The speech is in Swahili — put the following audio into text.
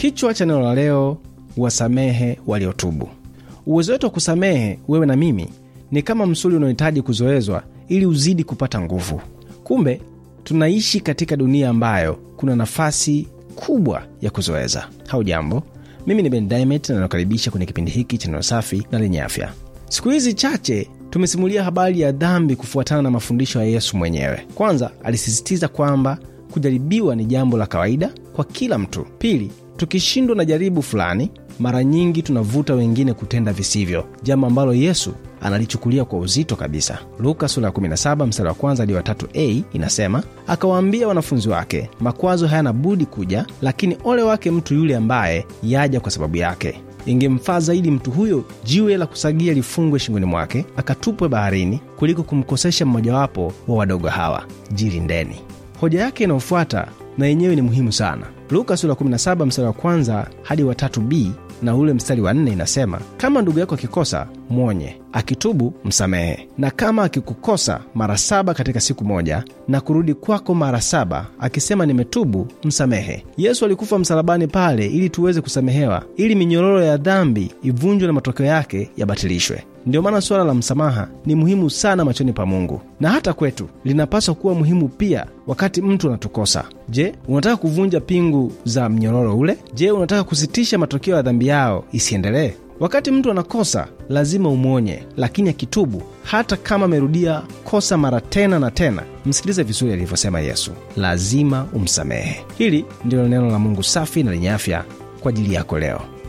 Kichwa cha neno la leo, wasamehe waliotubu. Uwezo wetu wa kusamehe, wewe na mimi, ni kama msuli unaohitaji kuzoezwa ili uzidi kupata nguvu. Kumbe tunaishi katika dunia ambayo kuna nafasi kubwa ya kuzoeza. jambo, mimi ni Ben Diamond na nakaribisha kwenye kipindi hiki cha neno safi na lenye afya. Siku hizi chache tumesimulia habari ya dhambi kufuatana na mafundisho ya Yesu mwenyewe. Kwanza, alisisitiza kwamba kujaribiwa ni jambo la kawaida kwa kila mtu. Pili, Tukishindwa na jaribu fulani, mara nyingi tunavuta wengine kutenda visivyo, jambo ambalo Yesu analichukulia kwa uzito kabisa. Luka sula ya 17 wa kwanza hadi watatu a inasema, akawaambia wanafunzi wake, makwazo hayana budi kuja, lakini ole wake mtu yule ambaye yaja kwa sababu yake. Ingemfaa zaidi mtu huyo jiwe la kusagia lifungwe shingoni mwake akatupwe baharini kuliko kumkosesha mmojawapo wa wadogo hawa. Jilindeni. Hoja yake inayofuata na yenyewe ni muhimu sana. Luka sura 17 mstari wa kwanza hadi wa tatu b na ule mstari wa nne inasema, kama ndugu yako akikosa mwonye, akitubu msamehe, na kama akikukosa mara saba katika siku moja na kurudi kwako mara saba akisema nimetubu, msamehe. Yesu alikufa msalabani pale ili tuweze kusamehewa, ili minyororo ya dhambi ivunjwe na matokeo yake yabatilishwe. Ndiyo maana suala la msamaha ni muhimu sana machoni pa Mungu na hata kwetu linapaswa kuwa muhimu pia wakati mtu anatukosa. Je, unataka kuvunja pingu za mnyororo ule? Je, unataka kusitisha matokeo ya dhambi yao isiendelee? Wakati mtu anakosa lazima umwonye, lakini akitubu, hata kama amerudia kosa mara tena na tena, msikilize vizuri alivyosema Yesu, lazima umsamehe. Hili ndilo neno la Mungu safi na lenye afya kwa ajili yako leo.